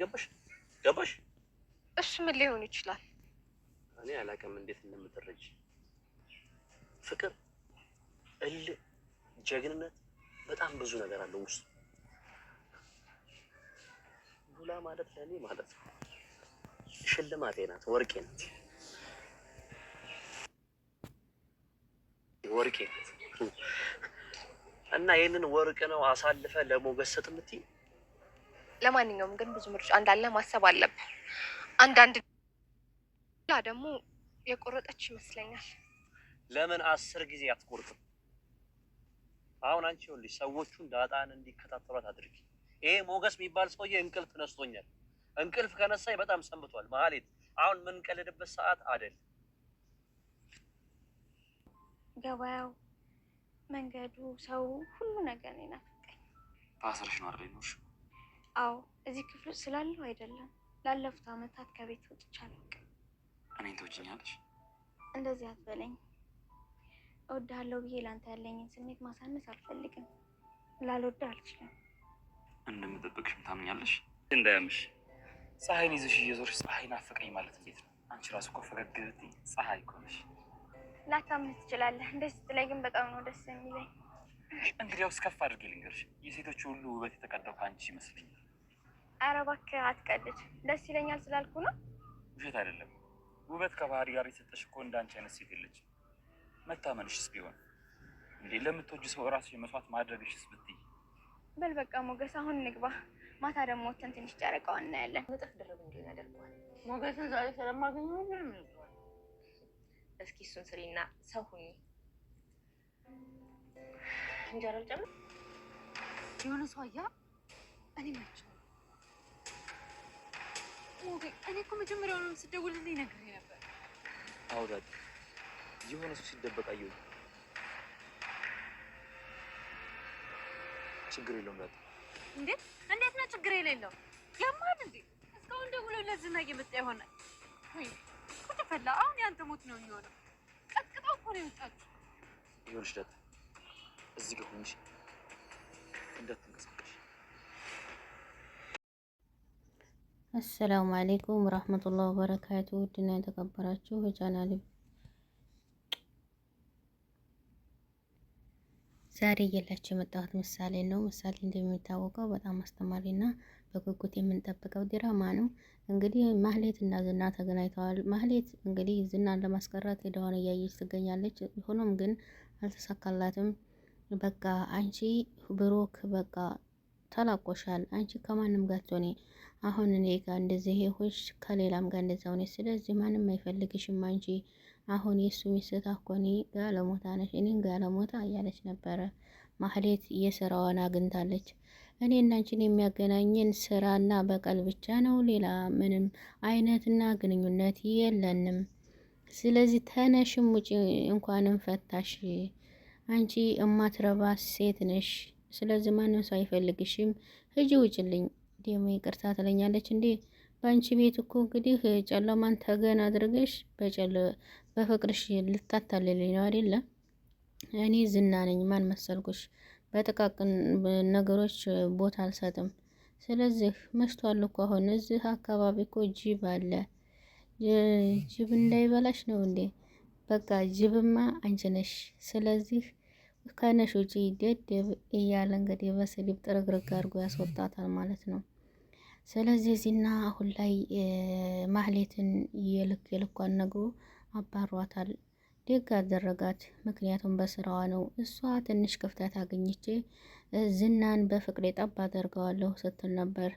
ገባሽ ገባሽ? እሱ ምን ሊሆን ይችላል? እኔ አላውቅም እንዴት እንደምትረጅ። ፍቅር፣ እልህ፣ ጀግንነት በጣም ብዙ ነገር አለው ውስጥ። ሉላ ማለት ለእኔ ማለት ነው ሽልማቴ ናት፣ ወርቄ ናት፣ ወርቄ ናት። እና ይህንን ወርቅ ነው አሳልፈ ሰጥ የምትይ ለማንኛውም ግን ብዙ ምርጫ እንዳለ ማሰብ አለብን። አንዳንድ ደግሞ የቆረጠች ይመስለኛል። ለምን አስር ጊዜ አትቆርጥም? አሁን አንቺ ይኸውልሽ ሰዎቹን ዳጣን እንዲከታተሏት አድርጊ። ይሄ ሞገስ የሚባል ሰውዬ እንቅልፍ ነስቶኛል። እንቅልፍ ከነሳኝ በጣም ሰንብቷል። መሀሌት አሁን የምንቀልድበት ሰዓት አይደል። ገበያው፣ መንገዱ፣ ሰው፣ ሁሉ ነገር ይናፍቀኝ። በአስረሽ ነው አይደል አዎ እዚህ ክፍል ውስጥ ስላለው አይደለም። ላለፉት አመታት ከቤት ወጥቼ አላውቅም። እኔን ትወጂኛለሽ? እንደዚህ አትበለኝ። እወድሃለሁ ብዬ ለአንተ ያለኝን ስሜት ማሳነስ አልፈልግም። ላልወድህ አልችልም። እንደምጠብቅሽም ታምኛለሽ። እንዳያምሽ ፀሐይን ይዘሽ እየዞርሽ ፀሐይን አፈቀኝ ማለት እንዴት ነው? አንቺ ራሱ እኮ ፈገግ ብትይ ፀሐይ እኮ ነሽ። ላታምህ ትችላለህ። እንደዚህ ስትለኝ ግን በጣም ነው ደስ የሚለኝ። እንግዲያውስ ከፍ አድርጌ ልንገርሽ፣ የሴቶች ሁሉ ውበት የተቀዳው ከአንቺ ይመስለኛል። ኧረ እባክህ አትቀልድ። ደስ ይለኛል ስላልኩ ነው። ውሸት አይደለም። ውበት ከባህሪ ጋር የሰጠሽ እኮ እንዳንቺ አይነት ሴት የለችም። መታመንሽስ ቢሆን እንዴ ለምትወጂ ሰው እራስሽ መስዋዕት ማድረግሽስ ብትይ። በል በቃ ሞገስ፣ አሁን ንግባ። ማታ ደግሞ ወተን ትንሽ ጨረቃዋ እናያለን። እጥፍ ድርብ እንዲሆን ያደርገዋል። ሞገስን ዛሬ ስለማገኘ ምንም እስኪ እሱን ስሪና ሰው ሁኚ። እንጀራ ልጨምር። የሆነ ሰው አያ እኔ መች እኔ እኮ መጀመሪያውኑ ስትደውልልኝ ነግሬህ ነበር። አዎ ዳጊ፣ የሆነ ሰው ሲደበቅ አየሁኝ። ችግር የለውም ዳጊ። እንዴት እንዴት ነው ችግር የሌለው? ያማል እንዴ? እስካሁን ደውሎለት ዝና እየመጣ ይሆናል። ወይ ቁጭ ፈላ። አሁን ያንተ ሞት ነው የሚሆነው። ቀጥቅጠው እኮ ነው የወጣችሁ። ይኸውልሽ ዳጊ፣ እዚህ ጋር ሆነሽ እንዳትንቀሳቀሽ አሰላሙ አሌይኩም ረህመቱላህ ወበረካቱ ውድና የተከበራችሁ የቻናል ዛሬ እየላችሁ የመጣሁት ምሳሌ ነው። ምሳሌ እንደሚታወቀው በጣም አስተማሪና በጉጉት የምንጠብቀው ድራማ ነው። እንግዲህ ማህሌት እና ዝና ተገናኝተዋል። ማህሌት እንግዲህ ዝናን ለማስቀረት ሄደዋን እያየች ትገኛለች። ሆኖም ግን አልተሳካላትም። በቃ አንቺ ብሩክ በቃ ተላቆሻል። አንቺ ከማንም ጋር ትሆኔ አሁን እኔ ጋር እንደዚህ ይሁሽ ከሌላም ጋር እንደዛ ሆነች። ስለዚህ ማንም አይፈልግሽም አንቺ አሁን የሱ ሚስት አኮኒ ጋለሞታ ነሽ፣ እኔን ጋለሞታ እያለች ነበረ። ማህሌት የስራዋን አግኝታለች። እኔ እናንቺን የሚያገናኝን ስራና በቀል ብቻ ነው። ሌላ ምንም አይነትና ግንኙነት የለንም። ስለዚህ ተነሽም ውጪ፣ እንኳንም ፈታሽ። አንቺ እማትረባ ሴት ነሽ። ስለዚህ ማንም ሰው አይፈልግሽም። ህጂ ውጭልኝ ደግሞ ይቅርታ ትለኛለች እንዴ? በአንቺ ቤት እኮ እንግዲህ ጨለማን ተገን አድርገሽ በፍቅርሽ ልታታልልኝ ነው አይደለ? እኔ ዝና ነኝ፣ ማን መሰልኩሽ? በጥቃቅን ነገሮች ቦታ አልሰጥም። ስለዚህ መሽቷል እኮ አሁን እዚህ አካባቢ እኮ ጅብ አለ። ጅብ እንዳይበላሽ ነው እንዴ? በቃ ጅብማ አንቺ ነሽ። ስለዚህ ከነሽ ውጪ ደደብ እያለ እንግዲህ በስድብ ጥርግርግ አድርጎ ያስወጣታል ማለት ነው። ስለዚህ ዚና አሁን ላይ ማህሌትን የልክ የልኳን ነግሮ አባሯታል። ደግ አደረጋት። ምክንያቱም በስራዋ ነው። እሷ ትንሽ ክፍተት አግኝቼ ዝናን በፍቅሬ ጠብ አደርገዋለሁ ስትል ነበር።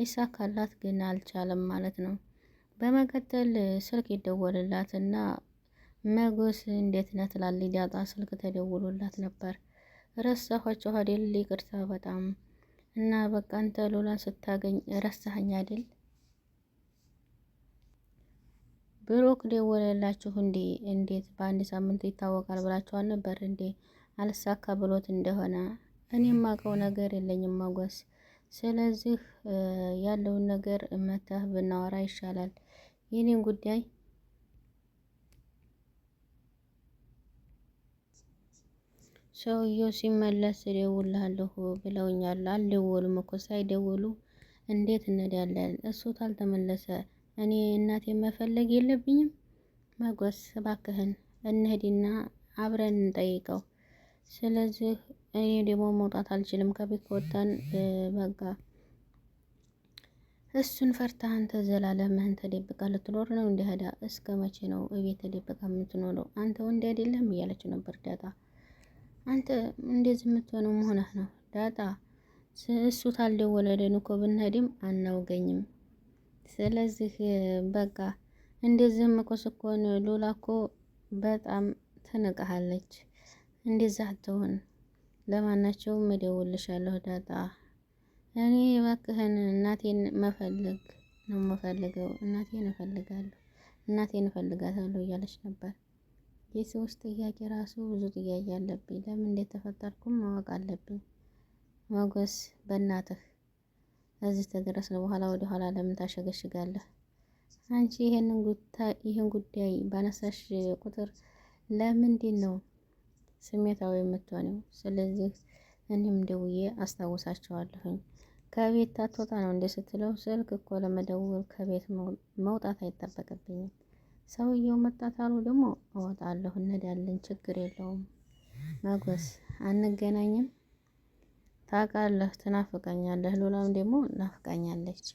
ሊሳካላት ግን አልቻለም ማለት ነው። በመቀጠል ስልክ ይደወልላት ና። መጎስ እንዴት ነህ ትላለች ዳጣ። ስልክ ተደውሎላት ነበር። ረሳኋቸው አይደል? ይቅርታ በጣም እና በቃ አንተ ሉላን ስታገኝ ረሳኸኝ አይደል? ብሩክ ደወለላችሁ እንዴ? እንዴት በአንድ ሳምንት ይታወቃል ብላችኋል ነበር እንዴ? አልሳካ ብሎት እንደሆነ እኔ የማውቀው ነገር የለኝም መጎስ። ስለዚህ ያለውን ነገር መተህ ብናወራ ይሻላል። የኔን ጉዳይ ሰውየው ሲመለስ እደውልልሃለሁ ብለውኛል። አልደወሉም እኮ ሳይደወሉ እንዴት እንሄዳለን? እሱ ካልተመለሰ እኔ እናቴ መፈለግ የለብኝም። መጎስ እባክህን እንሂድና አብረን እንጠይቀው። ስለዚህ እኔ ደግሞ መውጣት አልችልም። ከቤት ከወጣን በቃ እሱን ፈርታህን ተዘላለምህን ተደብቃ ልትኖር ነው እንዲህ ሄዳ እስከ መቼ ነው እቤት ተደብቃ የምትኖረው? አንተ ወንድ አይደለም እያለችው ነበር ዳጣ አንተ እንደዚህ የምትሆነው መሆነህ ነው ዳጣ። እሱ ታልደወለልን እኮ ብንሄድም አናውገኝም። ስለዚህ በቃ እንደዚህ እኮ ስኮን ሉላ እኮ በጣም ትንቀሃለች። እንደዛ አትሆን። ለማናቸውም እደውልልሻለሁ ዳጣ። እኔ እባክህን እናቴን መፈለግ ነው የምፈልገው። እናቴን እፈልጋለሁ፣ እናቴን እፈልጋታለሁ እያለች ነበር። የሰዎች ጥያቄ ራሱ ብዙ ጥያቄ አለብኝ። ለምን እንደተፈጠርኩም ማወቅ አለብኝ። ሞገስ በእናትህ እዚህ ተደረስን በኋላ ወደ ኋላ ለምን ታሸገሽጋለህ? አንቺ ይህን ጉዳይ ባነሳሽ ቁጥር ለምንድን ነው ስሜታዊ የምትሆነው? ስለዚህ እኔም ደውዬ አስታውሳቸዋለሁኝ። ከቤት አትወጣ ነው እንደ ስትለው ስልክ እኮ ለመደወል ከቤት መውጣት አይጠበቅብኝም። ሰውየው መጣታሉ ታሉ ደግሞ እወጣለሁ፣ እንሄዳለን፣ ችግር የለውም። መጎስ አንገናኝም፣ ታውቃለህ፣ ትናፍቀኛለህ። ሉላም ደግሞ እናፍቃኛለች።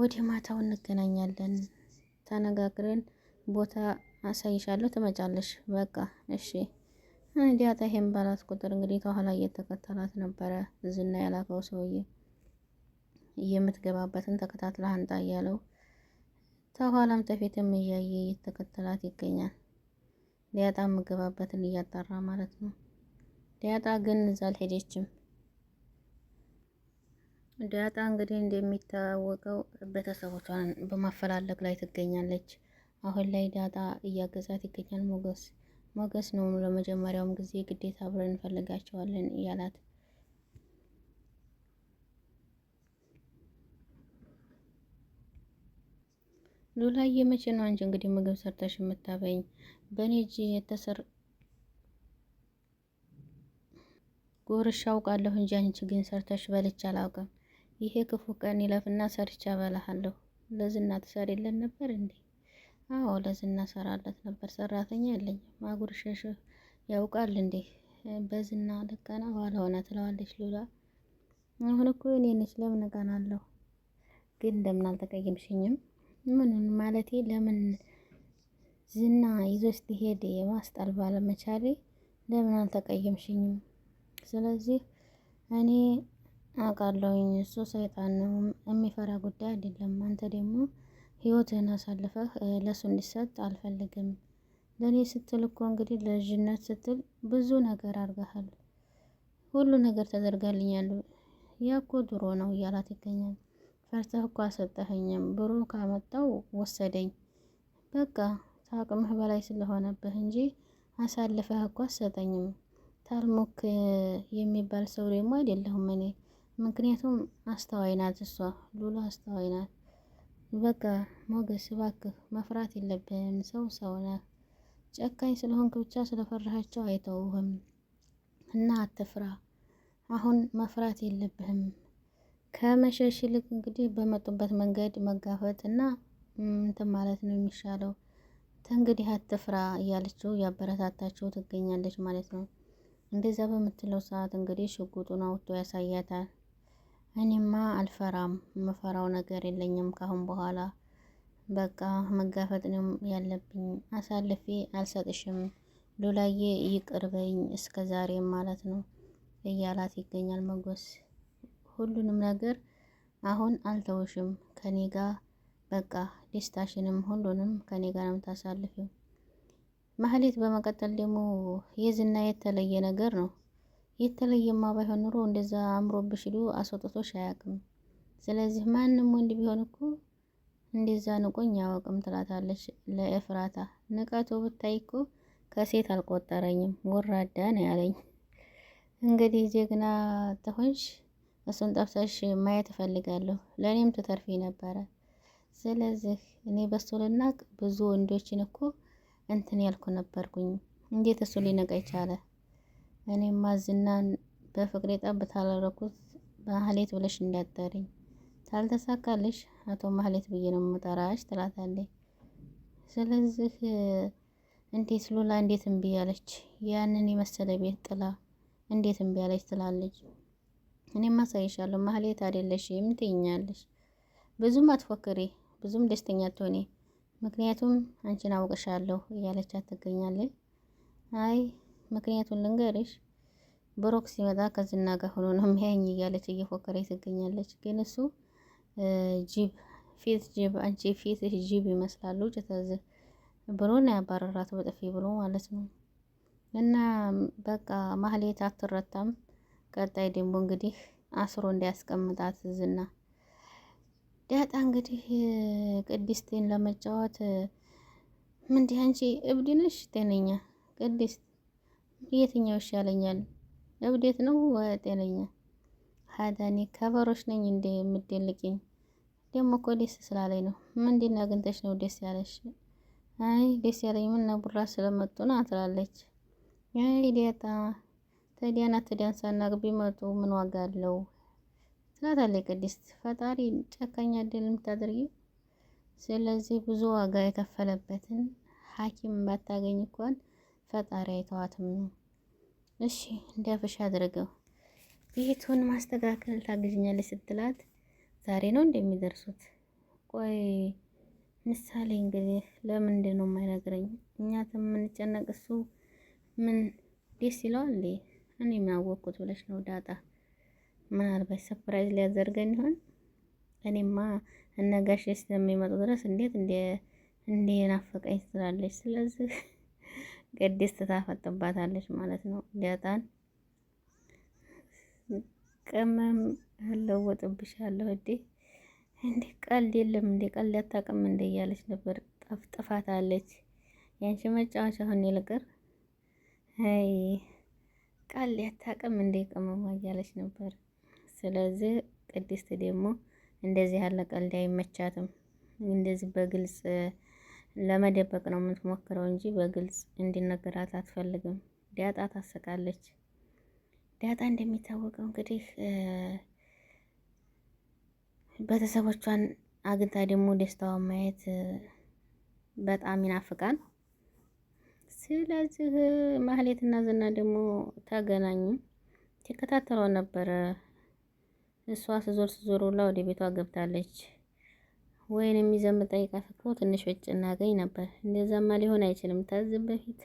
ወደ ማታው እንገናኛለን፣ ተነጋግረን ቦታ አሳይሻለሁ፣ ትመጫለሽ። በቃ እሺ። ዲያጣ ይሄን ባላት ቁጥር እንግዲህ ከኋላ እየተከተላት ነበረ። ዝና ያላከው ሰውዬ የምትገባበትን ተከታትላ አንጣ እያለው ተኋላም ተፊትም እያየ እየተከተላት ይገኛል። ሊያጣ ምገባበትን እያጣራ ማለት ነው። ሊያጣ ግን እዛ አልሄደችም። ሊያጣ እንግዲህ እንደሚታወቀው ቤተሰቦቿን በማፈላለግ ላይ ትገኛለች። አሁን ላይ ዳጣ እያገዛት ይገኛል ሞገስ ሞገስ ነው ለመጀመሪያውም ጊዜ ግዴታ አብረን እንፈልጋቸዋለን እያላት ሉላዬ፣ የመቼ ነው አንቺ እንግዲህ ምግብ ሰርተሽ የምታበይኝ? በእኔ እጅ የተሰር ጎርሽ አውቃለሁ እንጂ አንቺ ግን ሰርተሽ በልቼ አላውቅም። ይሄ ክፉ ቀን ይለፍና ሰርቼ አበላሃለሁ። ለዝና ትሰሪለት ነበር እንዴ? አዎ ለዝና ሰራለት ነበር። ሰራተኛ አለኝ። ማጉርሸሽ ያውቃል እንዴ? በዝና ልቀና ኋላ ሆነ ትለዋለች ሉላ። አሁን እኮ እኔ ነች ለምን እቀናለሁ? ግን እንደምን አልተቀየምሽኝም? ምኑን ማለት ለምን ዝና ይዞች ሊሄድ የማስጣል ባለመቻሌ ለምን አልተቀየምሽኝም? ስለዚህ እኔ አውቃለሁኝ እሱ ሰይጣን ነው የሚፈራ ጉዳይ አይደለም። አንተ ደግሞ ህይወትህን አሳልፈህ ለእሱ እንዲሰጥ አልፈልግም። ለእኔ ስትል እኮ እንግዲህ ለልጅነት ስትል ብዙ ነገር አድርገሃል። ሁሉ ነገር ተደርጋልኛል። ያ ድሮ ነው እያላት ይገኛል። ፈርተህ እኮ አልሰጠኸኝም ብሩ ካመጣው ወሰደኝ። በቃ ታቅምህ በላይ ስለሆነብህ እንጂ አሳልፈህ እኮ አልሰጠኝም። ታልሞክ የሚባል ሰው ደግሞ አይደለሁም እኔ። ምክንያቱም አስተዋይ ናት እሷ፣ ሉሉ አስተዋይ ናት። በቃ ሞገስ እባክህ መፍራት የለብህም ሰው ሰው ናት። ጨካኝ ስለሆንክ ብቻ ስለፈራሃቸው አይተውህም እና አትፍራ። አሁን መፍራት የለብህም። ከመሸሽ ይልቅ እንግዲህ በመጡበት መንገድ መጋፈጥ እና እንትን ማለት ነው የሚሻለው። ተንግዲህ አትፍራ እያለችው እያበረታታችው ትገኛለች ማለት ነው። እንደዛ በምትለው ሰዓት እንግዲህ ሽጉጡን አውጥቶ ያሳያታል። እኔማ አልፈራም፣ መፈራው ነገር የለኝም ካሁን በኋላ በቃ መጋፈጥ ነው ያለብኝ። አሳልፌ አልሰጥሽም ሉላዬ፣ ይቅርበኝ እስከ ዛሬም ማለት ነው እያላት ይገኛል መጎስ ሁሉንም ነገር አሁን አልተውሽም ከኔ ጋር በቃ ደስታሽንም ሁሉንም ከኔ ጋር ነው የምታሳልፊው። ማህሌት በመቀጠል ደግሞ የዝና የተለየ ነገር ነው። የተለየማ ባይሆን ኑሮ እንደዛ አምሮብሽ ሂዶ አስወጥቶሽ አያውቅም። ስለዚህ ማንም ወንድ ቢሆን እኮ እንደዛ ንቆኝ አያውቅም ትላታለች ለኤፍራታ። ንቀቱ ብታይ እኮ ከሴት አልቆጠረኝም ወራዳ ነው ያለኝ። እንግዲህ ጀግና ተሆንሽ እሱን ጠብሰሽ ማየት እፈልጋለሁ። ለእኔም ትተርፊ ነበረ። ስለዚህ እኔ በሱ ልናቅ ብዙ ወንዶችን እኮ እንትን ያልኩ ነበርኩኝ። እንዴት እሱ ሊነቃ ይቻለ? እኔማ ዝናን በፍቅሬ ጠብ ታላረኩት ማህሌት ብለሽ እንዳጠሪኝ ታልተሳካልሽ አቶ ማህሌት ብዬ ነው የምጠራሽ ትላታለች። ስለዚህ እንዴት ሉላ እንዴት እምቢ ያለች ያንን የመሰለ ቤት ጥላ እንዴት እምቢ ያለች ትላለች። እኔም አሳይሻለሁ። ማህሌት አይደለሽም ትይኛለሽ። ብዙም አትፎክሪ፣ ብዙም ደስተኛ ትሆኒ፣ ምክንያቱም አንቺን አውቅሻለሁ እያለቻት ትገኛለች። አይ ምክንያቱን ልንገርሽ፣ ብሩክ ሲመጣ ከዝና ጋር ሆኖ ነው የሚያኝ እያለች እየፎከረ ትገኛለች። ግን እሱ ጅብ ፊት ጅብ አንቺ ፊት ጅብ ይመስላሉ ጭተዝ ብሎን ያባረራት በጥፊ ብሎ ማለት ነው። እና በቃ ማህሌት አትረታም። ቀጣይ ደግሞ እንግዲህ አስሮ እንዲያስቀምጣት ዝና ዳጣ እንግዲህ ቅድስትን ለመጫወት ምንዲህ አንቺ እብድ ነሽ ጤነኛ ቅድስት የትኛው ይሻለኛል እብዴት ነው ጤነኛ ሀዳኔ ከበሮች ነኝ እንደ የምደልቅኝ ደግሞ እኮ ደስ ስላለኝ ነው ምንድን አግኝተሽ ነው ደስ ያለሽ አይ ደስ ያለኝ ምን ቡራ ስለመጡ ነው ትላለች አይ ዳጣ ተዲያና ተዲያን ሳናቅ ቢመጡ ምን ዋጋ አለው ትላታለች ቅድስት። ፈጣሪ ጨካኛ ድል የምታደርጊው? ስለዚህ ብዙ ዋጋ የከፈለበትን ሐኪም ባታገኝ እንኳን ፈጣሪ አይተዋትም። እሺ እንዲያፈሽ አድርገው ቤቱን ማስተካከል ታግዥኛለች ስትላት ዛሬ ነው እንደሚደርሱት። ቆይ ምሳሌ እንግዲህ ለምንድን ነው የማይነግረኝ? እኛ የምንጨነቅ እሱ ምን ደስ ይለዋል? እኔ ምን አወቅኩት ብለሽ ነው ዳጣ? ምናልባት ሰፕራይዝ ሊያዘርገን ይሆን? እኔማ እነጋሽ ስለሚመጡ ድረስ እንዴት እንዴ ናፈቀኝ ትላለች። ስለዚህ ቅድስት ታፈጥባታለች ማለት ነው ዳጣን ቅመም እለወጥብሻለሁ እዴ እንዴ ቀልድ የለም እንዴ ቀልድ አታውቅም እንዴ እያለች ነበር። ጠፍጥፋታለች። ያንቺ መጫወቻ አሁን ይልቅር አይ ቃል ሊያታቅም እንደ ቅመሟ እያለች ነበር። ስለዚህ ቅድስት ደግሞ እንደዚህ ያለ ቀልድ አይመቻትም። እንደዚህ በግልጽ ለመደበቅ ነው የምትሞክረው እንጂ በግልጽ እንዲነገራት አትፈልግም። ዳጣ ታስቃለች። ዳጣ እንደሚታወቀው እንግዲህ ቤተሰቦቿን አግኝታ ደግሞ ደስታዋን ማየት በጣም ይናፍቃል። ስለዚህ ማህሌትና ዝና ደግሞ ተገናኙ። ተከታተለው ነበረ። እሷ ስዞር ስዞር ውላ ወደ ቤቷ ገብታለች። ወይን የሚዘም ጠይቃት እኮ ትንሽ ውጭ እናገኝ ነበር። እንደዛማ ሊሆን አይችልም። ከዚህ በፊት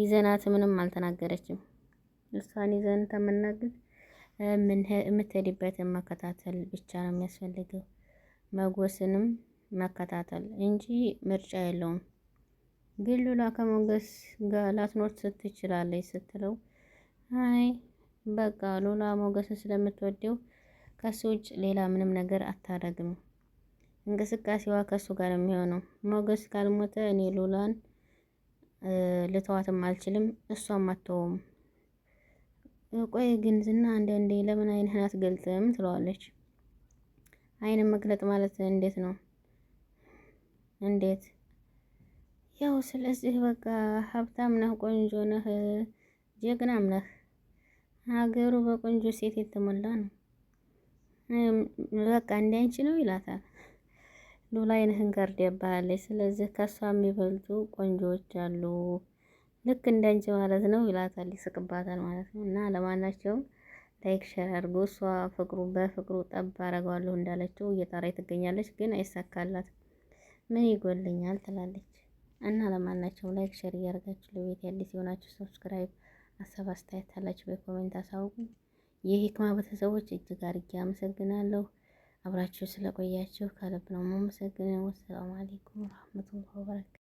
ይዘናት ምንም አልተናገረችም። እሷን ይዘን ተመናገር የምትሄድበትን መከታተል ብቻ ነው የሚያስፈልገው። መጎስንም መከታተል እንጂ ምርጫ የለውም። ቢሉላ ከሞገስ ጋር ላትኖር ትችላለች ስትለው አይ በቃ ሉላ ሞገስን ስለምትወደው ከሱ ውጭ ሌላ ምንም ነገር አታደርግም። እንቅስቃሴዋ ከሱ ጋር የሚሆነው ሞገስ ካልሞተ እኔ ሉላን ልተዋትም አልችልም፣ እሷም አተውም። ቆይ ግን ዝና አንዳንዴ ለምን አይንህን አትገልጥም ትለዋለች። አይንን መግለጥ ማለት እንዴት ነው? እንዴት ያው ስለዚህ በቃ ሀብታም ነህ፣ ቆንጆ ነህ፣ ጀግናም ነህ። ሀገሩ በቆንጆ ሴት የተሞላ ነው። በቃ እንዳንቺ ነው ይላታል። ሉላ አይንህን ጋርድ ያባላለች። ስለዚህ ከሷ የሚበልጡ ቆንጆዎች አሉ፣ ልክ እንዳንቺ ማለት ነው ይላታል። ይስቅባታል ማለት ነው። እና ለማናቸውም ላይክ ሸር አድርጎ እሷ ፍቅሩ በፍቅሩ ጠብ አደርገዋለሁ እንዳለችው እየጣራ ትገኛለች፣ ግን አይሳካላት ምን ይጎልኛል ትላለች። እና ለማናቸው ላይክ ሼር እያደረጋችሁ ለቤት ያዲስ የሆናችሁ ሰብስክራይብ፣ ሀሳብ አስተያየት ካላችሁ በኮሜንት አሳውቁኝ። የሂክማ ቤተሰቦች እጅግ አድርጌ አመሰግናለሁ። አብራችሁ ስለቆያችሁ ከልብ ነው የማመሰግነው። ሰላም አለይኩም ወራህመቱላሂ ወበረካቱ።